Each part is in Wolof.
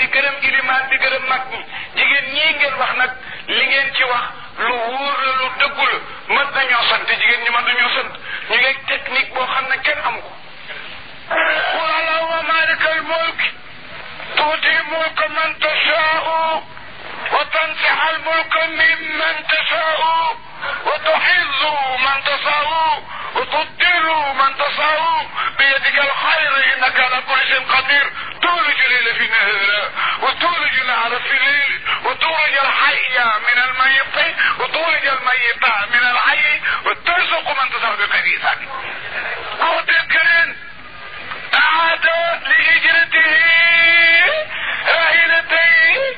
di gërëm ilimaan di gërëm mag ñi jigéen ñii ngeen wax nag li ngeen ci wax lu wóor la lu dëggu la mën nañoo sant jigéen ñi mën nañoo sant ñu ngeeg technique boo xam ne kenn amu ko وعلى مالك الملك تؤتي الملك من تشاء وتنزع الملك ممن تشاء وتحل من تشاء وتضل من تشاء بيدك الخير انك على كل شيء قدير تولج الليل في نهر وتولج نهر في الليل وتولج الحي من الميت وتولج الميت من الحي وترزق من تزهر بقريتك اهو تذكرين اعداد لهجرته رهينتين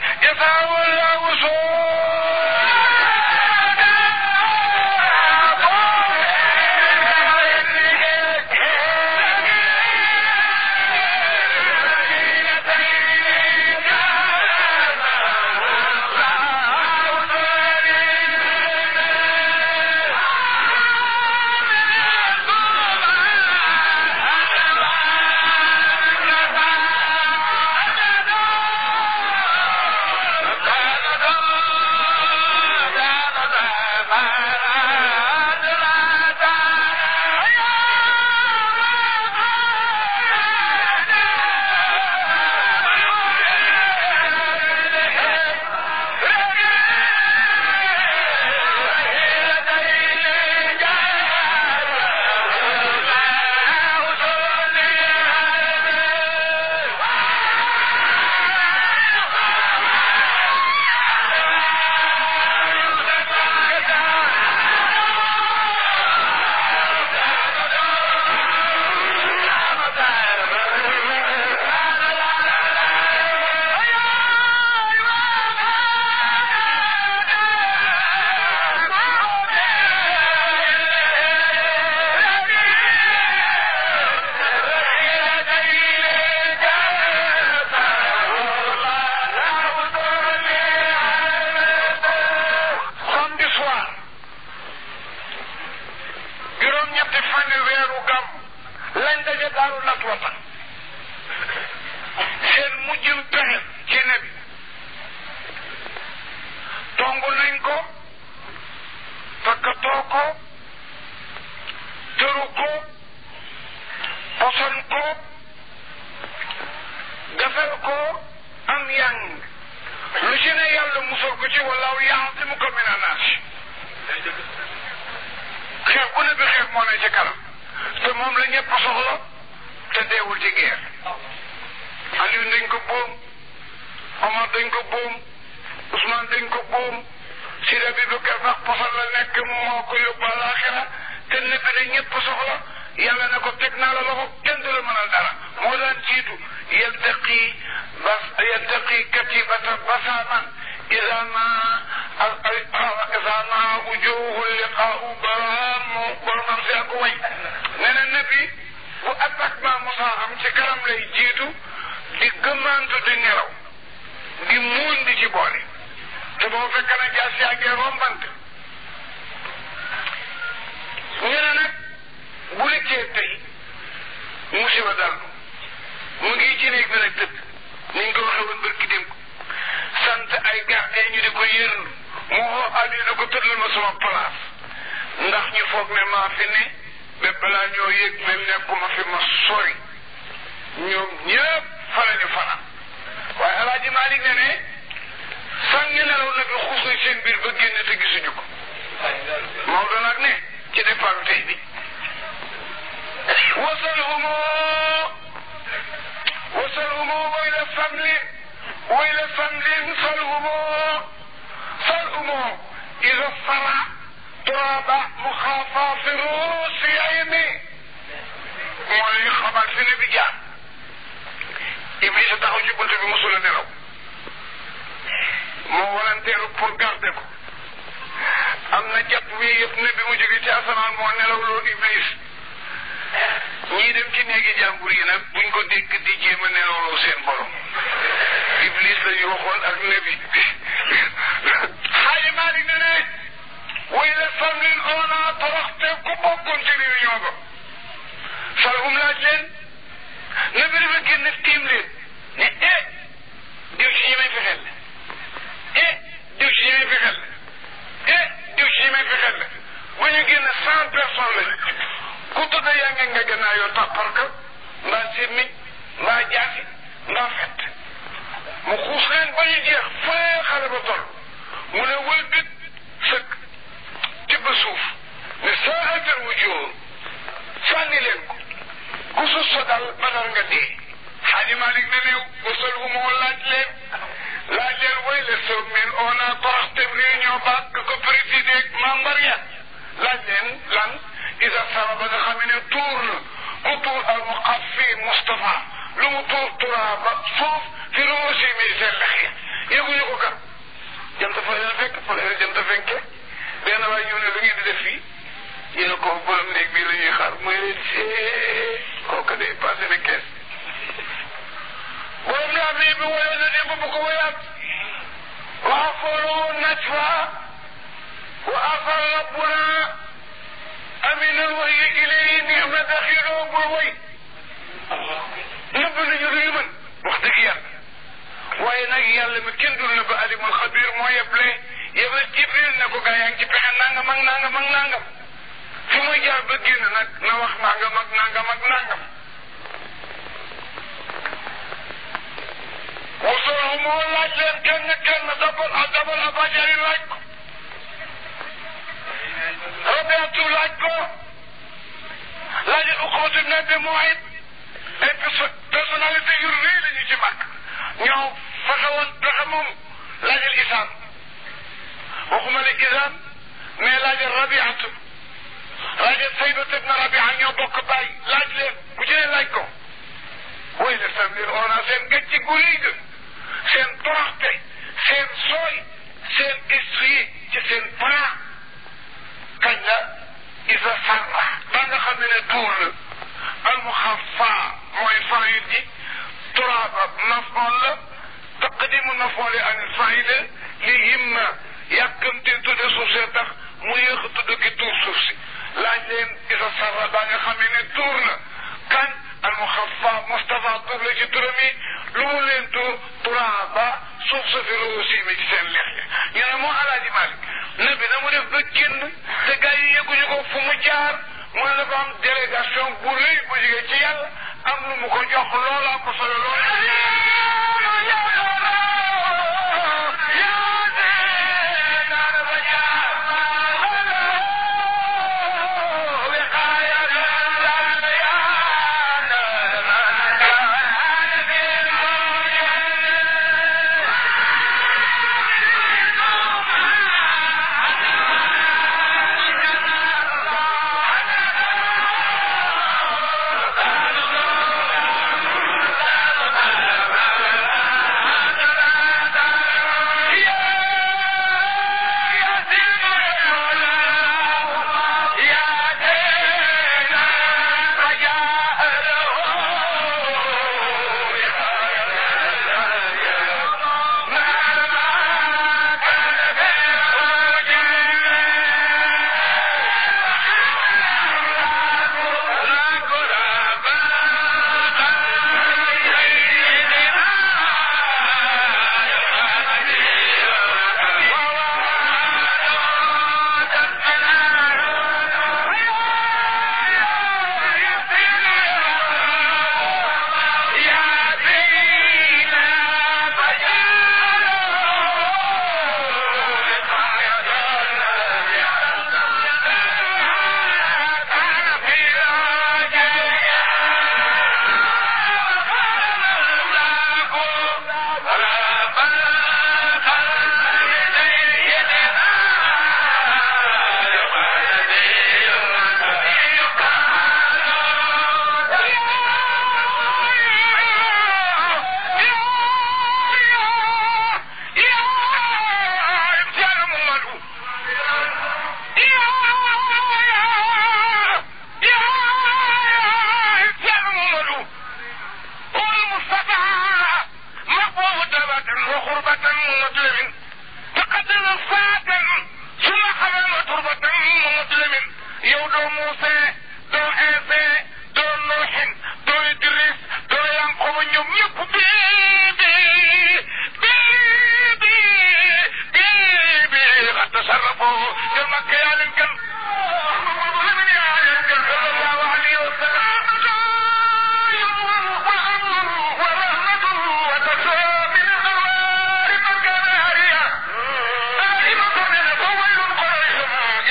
ci kanam lay jiitu di gëmmantu di nelaw di muun di ci boole te boo fekk na jaas yaa ngee rombante ñu nag bu rëccee tey musiba dal mu ngi ci néeg bi nag tëdd ni nga ko waxee woon ko sant ay gardien ñu di ko yërlu mu woo ali na ko tëddal ma sama place ndax ñu foog ne maa fi ne bépp laa ñoo yëg même nekkuma fi ma sori ñoom ñëpp fa ñu fanaan waaye alaaji Malick ne ne sànni nelaw nag la xuus na seen biir ba génn te gisuñu ko Maodo nag ne ci départ tey bi wasalhumu wasalhumu way la famli way la famlin salhumu salhumu إذا اصطلع تراب مخافة في الروس يا يمي ولي خبر في نبي Iblisa taxaw ci bunt bi mosula nelaw moo walanteeru pour garder ko am na jàpp wi yëpp ne bi mu jóge ci asamaan moo nelaw Iblis ñii dem ci néegi jàmbur yi nag buñ ko dégg di jéem a seen borom Iblis la waxoon ak nebi xaaji Maalik ne ne way la famlin ona toroxte ku bokkoon ci réunion ba salhum na béréb a génn tiim leen ne eh diw ci ñi may fexeel la eh diw ci ñi may fexeel la eh diw ci ñi may fexeel la bu ñu génn cent personnes lañ ku tudd yaa ngi nga gannaaw yoo tàpparka mbaa simmi mbaa jaasi mbaa fett mu xuus leen ba ñu jeex fa leen xale ba toll mu ne wëlbit sëkk tibb suuf ne saa affaire wu jiwoon sànni leen ko ku suuf sa dal ba nga dee xaaji Malik ne ne wasal wu moo laaj leen laaj leen way le soog min on a corté réunion ba ko présidé membre ya laaj leen lan isa sara ba nga xam tuur na ku tuur al muqaffi Moustapha lu mu tuur turaa ba fi lu mu si seen lex ya yëguñu ko kat jant fa leen fekk fa leen jant fenke benn waay ñëw ne lu ngeen di def fii ñu ne ko borom néeg bii la xaar mooy leen see او کدی پاسه نه کیس قوم نه می به وای نه دی په کوم یا وافروا نجوا وافر ربنا امن الوحي اليه نعم دخلوا بالوي نبل يريمن وقتك يا waaye nag yàlla mi kenn dul na ba alimul xabir moo yeb le yebal jibril ne ko gaa yaa ngi ci pexe nangam ak nangam ak nangam fu muy jaar ba génn nag na wax nangam ak nangam ak nangam wasolahu moo laaj leen kenn kenn dabal a dabal a bajari laaj ko rabiatu laaj ko laaj uxooti na bi mooy ay personnalité yu rëy la ñu ci mag ñoo fexe woon pexe moom laajal isaan waxuma ne isaan mais laajal rabiatu David ibn Rabi'an ñoo bokk baay laaj leen ku ci ne laaj ko woy le samlir on a seen gàcce gu rëy ga seen toroxte seen sooy seen istrie ci seen plan kañ la isa sarra ba nga xam ne ne tuur la almuxafa mooy faayit ji turaaba nafoon la taqdimu nafoole an faayida li himma yàkkamte tudde suuf see tax mu yéex a tudd ki tuur suuf si laaj leen isa sarra ba nga xam ne tuur na kan al muxafa Moustapha tuur la ci turam yi lu mu leen tuur turaaba suuf sa fi ruu mi ci seen lex yi ñu ne moo alaaji Malick bi na mu def ba génn te gars yi yëguñu ko fu mu jaar mu ne dafa am bu rëy bu jógee ci am lu mu ko jox loolaa ko solo lool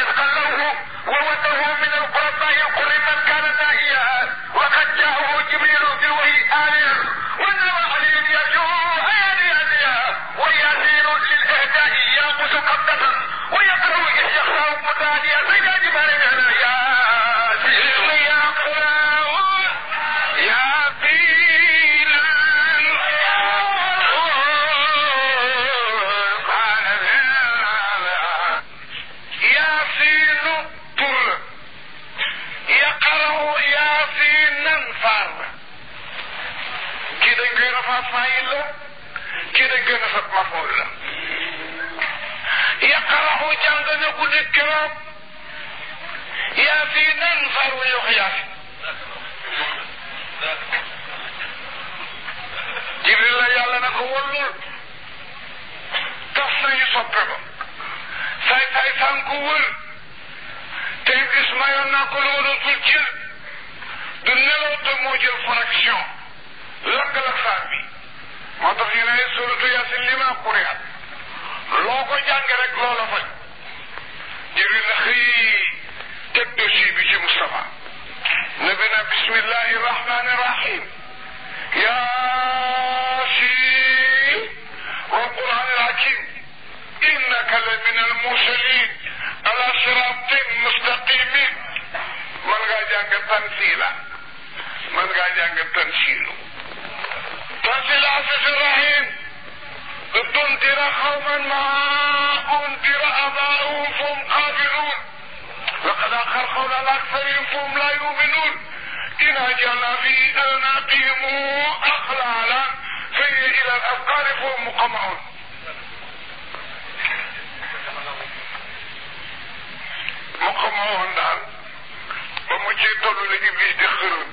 رزقا له ko woon lool tas te Iblis te moo jël connexion saar bi moo tax ñu ne suratu Yaasin li maa loo ko jànge rek loola faj jëri na xëy teg bi ci Moustapha ne bi na bismillahi yaa والقرآن الحكيم إنك لمن المرسلين على صراط مستقيم من جانج تنسيلا من جانج تنسيل تنسيل عزيز الرحيم لتنذر قوما ما أنذر آباؤهم فهم غافلون لقد آخر قول الأكثرهم فهم لا يؤمنون إن أجل في أعناقهم أخلالا الليل الى الاذقان فهم مقمعون مقمعون نعم ومجيطون الذي بيدخلون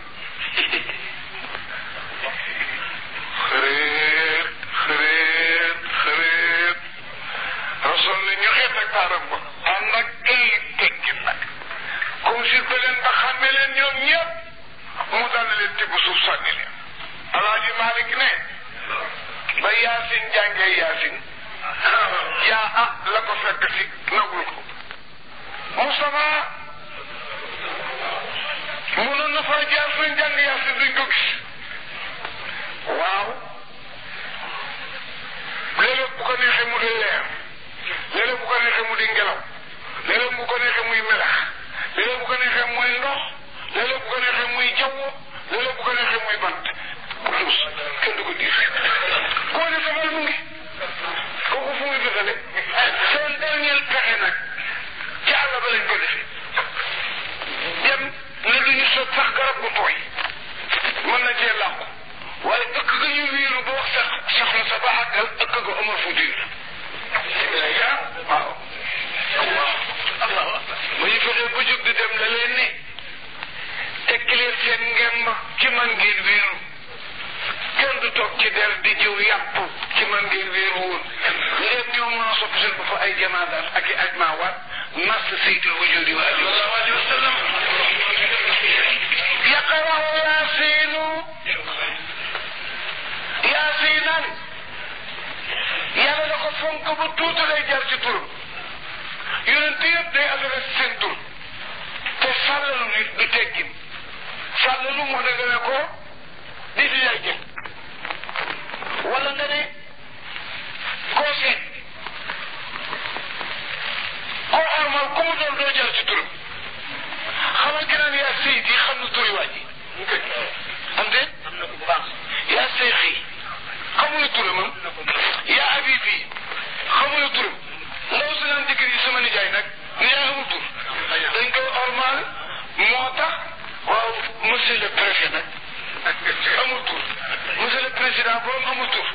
خريط خريط خريط رسول الله يخيطك تعرفه أنا كيف تكيبك كون سيطة لن تخمي لن يوم يوم مدان لن تبسو سانيلي الله جي مالك نه ba yaasin jàngee yaasin yaa ah la ko fekk si nagul ko Moustapha mënoon na faa jaar suñ jàng yaasin duñ ko سيد الوجود وآله صلى الله عليه وسلم يقرأ ياسين yaasiina yàlla da ko fonk bu tuuti lay jar ci turam yonent yëpp day adressé seen tur te sàllalu nit du teggin sàllalu moo ne nga ko nit lay jël wala nga ne koo seet man ku mu doon doo jaar ci turam xamal gënaan yaa seydi xam na turi wàññi am déet yaa seyxi xamul turamam yaa abibi xamul turam ndaw si naan dikk yi sama nijaay nag nijaay amul tur dañ ko ormal moo tax waaw monsieur le préfet nag amul tur monsieur le président borom amul tur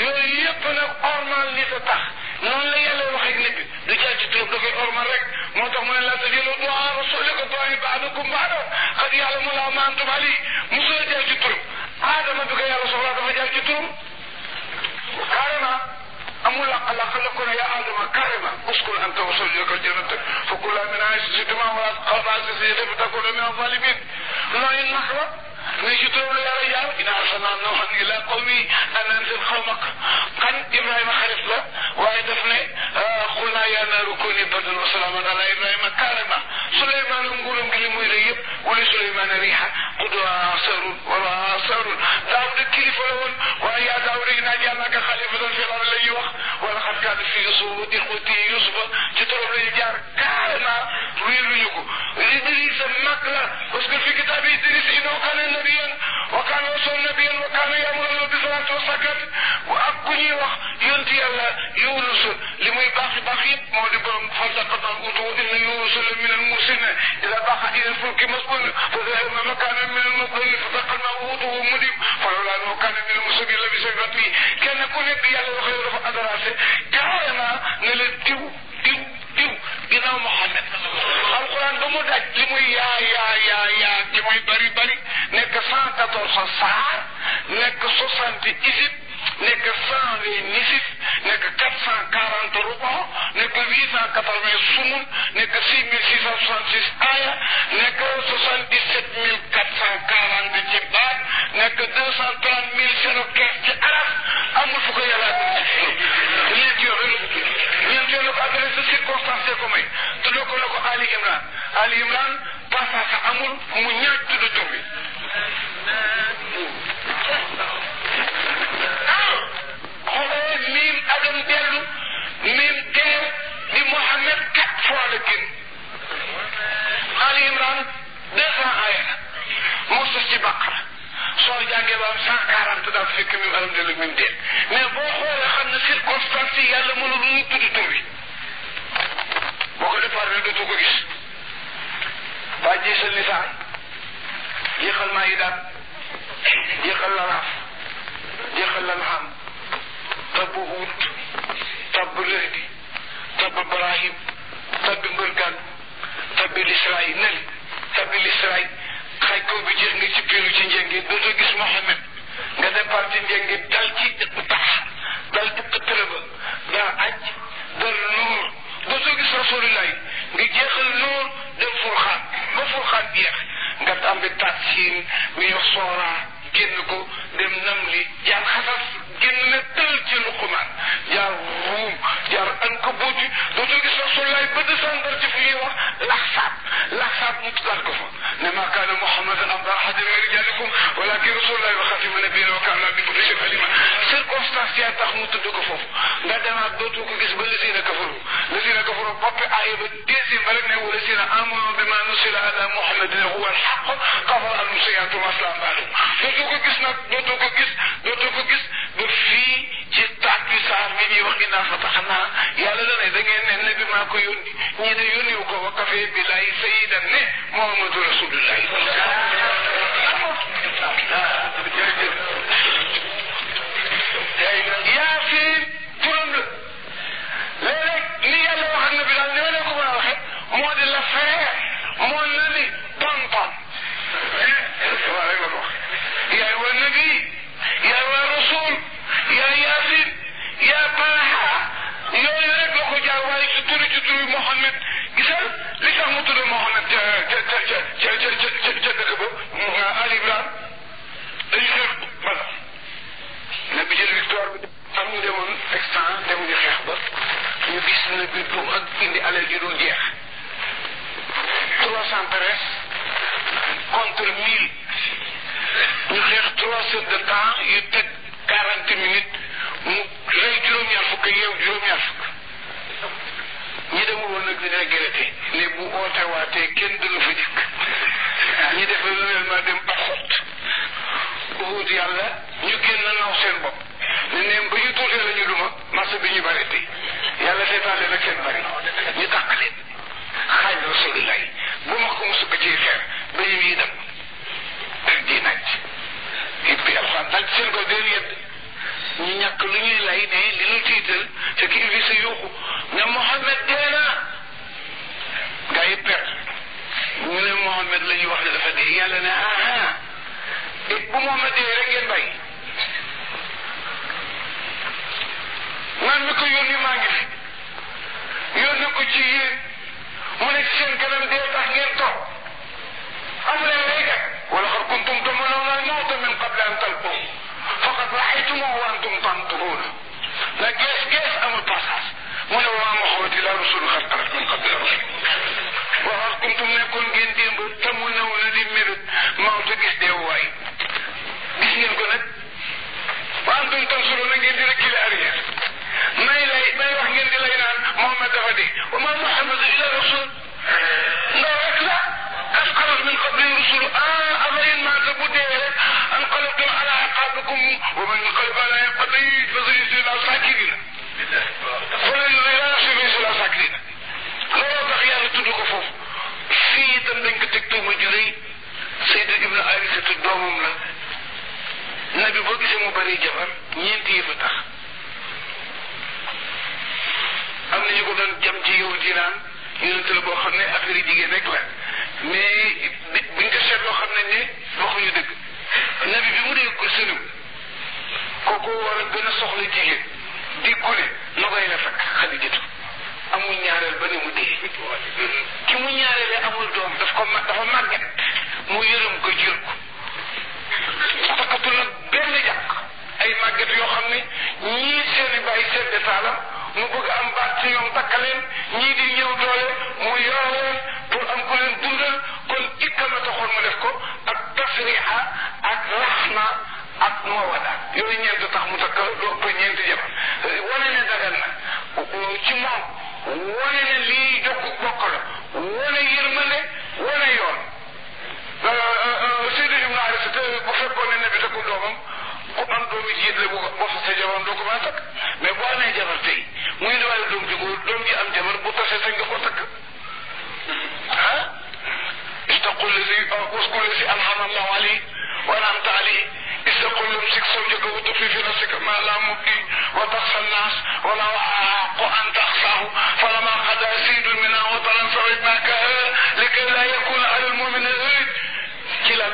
yooyu yëpp nag ormal ni ko tax noonu la yàlla waxee nit du caa ci tur dafay ormal rek moo tax mu ne laa tajulu du'a rasulikum ba'dukum ba'dan qad ya'lamu llahu ma antum alayhi musul a jaar ci turam aadama bi ko yàlla soxlaa dafa jaar ci turam carrément amul laq laq la ko ne yaa aadama carrément uskun anta wa zawjuka al-jannata fa kulaa minhaa shi'tumaa wa laa taqrabaa haadhihi ash-shajarata fatakuunaa mina adh-dhaalimiin nooy nax la mais ci turam la yàlla jaar inna arsalnaa nuuhan ilaa qawmihi an anzir qawmak kan Ibrahima xarit la waaye daf ne xul naa yaa naaru kuni bardan wa salaaman ala ibrahima carrément suleymaan nguuram gi li muy rëy yëpp wuli suleymaan riixa qudwa sarun wala sarun daawud kilifa la woon waaye yaa daawud inaa jàllaka xalifatan fi l ardi lay wax wala xad kaana fi yusufa ixwati yusufa الفلك مسؤول فذهب مكانا من المضيف فقال وضوءه مدب فلولا انه كان من المسلمين الذي سيغطي كان كل نبي على الخير فقد راسه كان نلتو تو تو بنا محمد القران بمدد لمي يا يا يا يا كمي بري بري نك 114 سار نك 60 ايزيب نك 126 nekk quatre cent quarante rukon nekk huit cent quatre-vingt sumun nekk six mille six cent soixante-six aaya nekk soixante-dix-sept mille quatre cent ci baat nekk deux cent trente ci araf amul fu ko yàlla ñeent yoon ñeent yoon la ko adresse circonstance ko may tuddoo ko la ko Ali Imran Ali Imran passage amul mu ñaaj tudd tur yàlla génn Ali Imran deux la moo sos ci Baqara soo jàngee ba am cent quarante daal fekk mi alam la mi mais boo xoolee xam ne circonstance yi yàlla mënul mu tudd tur bi boo ko départ rek dootoo ko gis ba jiisal lisaan yéexal maa yi daal yéexal lanaaf yéexal lanaam tabbu huut tabbu lëhdi Mohamed nga départ ci ndéngi dal ci bu tax dal ci ëttëra ba daa aj dal nuur ba soo gis rasulillahi nga jeexal nuur dem furxaan ba furxaan jeex nga tàmbi taat mi yox sooraan yaa tax mu tudd ko foofu nga demaat dootu ko gis ba lazina kafaru lazina kafaru boppi aaya ba deuxième ba rek ne wala sina amanu bima nusila ala muhammadin huwa alhaq kafara anum sayatum aslam baalum dootu ko gis nag dootu ko gis dootu ko gis ba fii ci taat bi saar bi ñuy wax ginnaaw fa tax naa yàlla la ne da ngeen ne nabi maa ko yónni ñi ne yónni ko wa kafee billahi sayidan ne muhammadu rasulullahi jërëjëf ابن Muhammad gisal li tax mu tudd Muhammad ca ca ca ca ca ca ca ca dëkk ba Ali Imran dañu xeex bala na bi jël victoire bi am ñu demoon extant dem ñu xeex ba ñu gis na bi tuum ak indi alal ju dul jeex trois cent treize contre mille ñu xeex trois heures de temps yu teg quarante minutes mu rey juróom-ñaar fukk yeew juróom-ñaar fukk ñi demul woon nag dañoo gërëte ne bu ootewaatee kenn du la fa dikk ñi def renouvellement dem baxut uut yàlla ñu génn naw seen bopp ne neen ba ñu tuutee la ñu duma marché bi ñu bari te yàlla seetaane nag seen bari ñu dàq leen xaaj rasulillahi bu ma ko musu ko ciy xeer ba ñu yi dem di naaj it bi alxaan daal seen ko dee yedd ñu ñàkk lu ñuy lay ne li ñu tiital te ki bi sa yuuxu ne Mohamed dee na gaa yi per ñu ne Mohamed la ñuy wax ne dafa dee yàlla ne ah it bu Mohamed dee rek ngeen bàyyi man mi ko yónni maa ngi fi yónni ko ci yéen mu nekk seen kanam dee tax ngeen toog am leen rey kat wala xar kuntum tamalawna al mawta min qabl an talqu رأيتموه وأنتم تنظرون لا كيف كيف أم البصاص من هو مخوتي لا رسول خطرت من قبل الرسول وهل كنتم نكون جندين بتمونا ولدي مرد ما وتكيش دواي بيسني القنات وأنتم تنصرون جندين كلا أريد ما إلى ما يروح جندي لينا محمد فدي وما محمد إلا رسول لا أكلا أذكر من قبل الرسول آه أغير ما تبوديه انقلبتم على اعقابكم ومن ينقلب على عقبيه فسيجزي الله الشاكرين فلن يراش في سلا ساكرين looloo tax yàlla tudd ko foofu fii itam dañ ko teg tuuma ju rëy Seydou Ibn Arisatu doomam la nabi boo gisee mu bari jabar ñeenti yëf a tax am na ñu ko doon jam ci yow di naan yonent la boo xam ne ak yi jigéen rek la mais bi ñu ko seetloo xam ne ne waxuñu dëgg nabi bi mu dee ko sëriw kooku war a gën a soxla jigéen di gune na koy la fekk xadijatu amul ñaareel ba ni mu dee ki mu ñaareelee amul doom daf ko dafa màgget mu yërëm ko jur ko takkatul nag benn jàq ay màgget yoo xam ne ñii seeni bàyyi sedde saalam mu bëgg am baat ci ñoom takkaleen ñii di ñëw doole mu yore leen am ku leen dundal kon ikka ma taxoon mu def ko ak tasriha asna ak mawada yooyu ñeent tax mu takk lu ëpp ñeenti jëm wane ne dagan ci moom wane ne lii jokk bokk la wane yërmande yoon euh, euh, euh, Seydi Ibnu Haris sa jabar doo ko mën a takk mais boo amee jabar tey muy indiwaale doom ji doom ji am jabar bu tasee sañ ko takk ah istaqul la si uskul uh, la si alhamdulillah alayhi ولم تعلي إذا كل امسك سوجك وتخفي في نفسك ما لا مبدي وتخشى الناس ولا أحق أن تخشاه فلما قد قضى زيد منها وطرا فعدناك لكي لا يكون على المؤمن كلا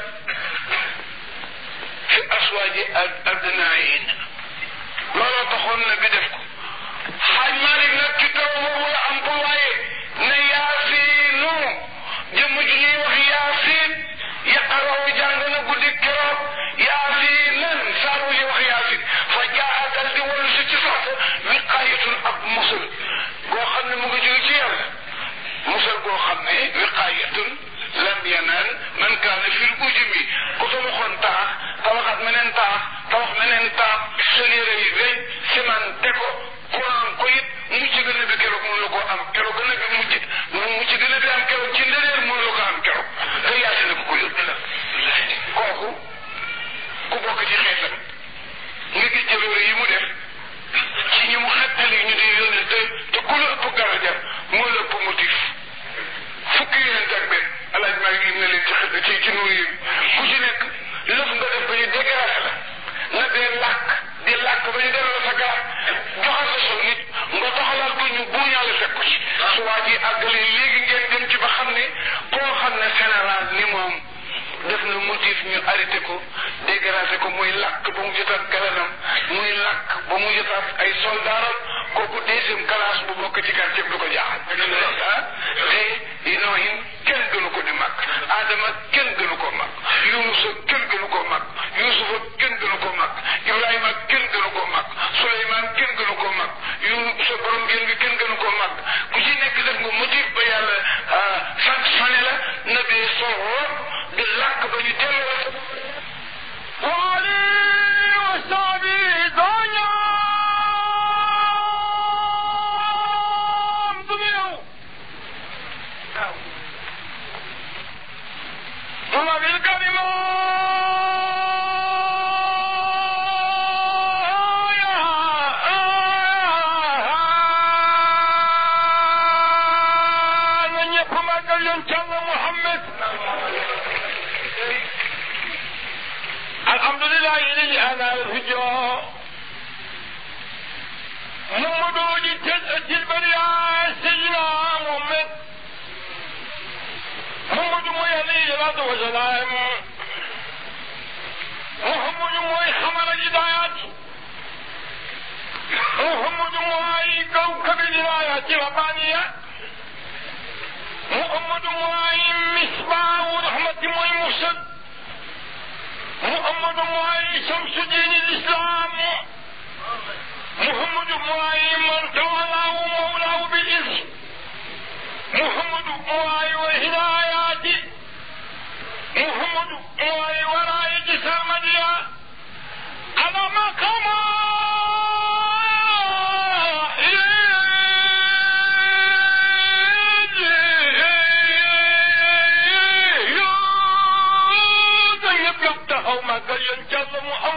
في أسواج أبنائنا ولا تخون بدفكم yooyu ku ci nekk lëf nga def ba ñu dégracé la nga dee làkk di làkk ba ñu delloo sa gaaf joxal sa nit nga doxalaat ko ñu buuñaale fekk ko ci su waa ji àggale léegi ngeen dem ci ba xam ne koo xam ne général ni moom def na motif ñu arrêté ko dégracé ko muy làkk ba mu jotaat galanam muy làkk ba mu jotaat ay soldaaram kooku deuxième classe bu bokk ci quartier bi du ko jaaxal ah, te non kenn gënu ko di mag Adama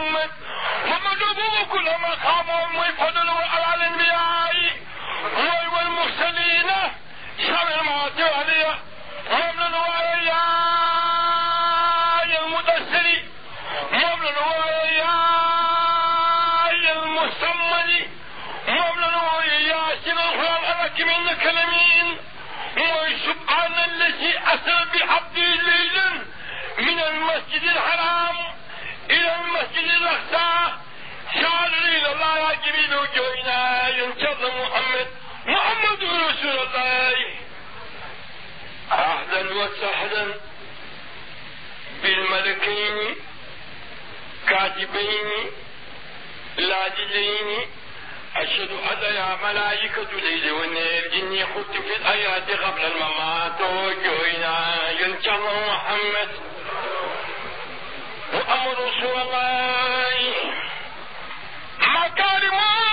امي فمجبوه كلما قام امي فدلوا على الانبياء والمرسلين سلامات علي ومن وعلي المدسر ومن وعلي المسمن ومن وعلي سنة القرآن منك لمين وسبحان الذي أسر بحب الله جبريل جوينا كرم محمد محمد رسول الله عهدا وسهلا بالملكين كاتبين لاجلين أشهد أن يا ملائكة الليل والنير إني خدت في الآيات قبل الممات وجهنا ينشر محمد محمد رسول الله I got him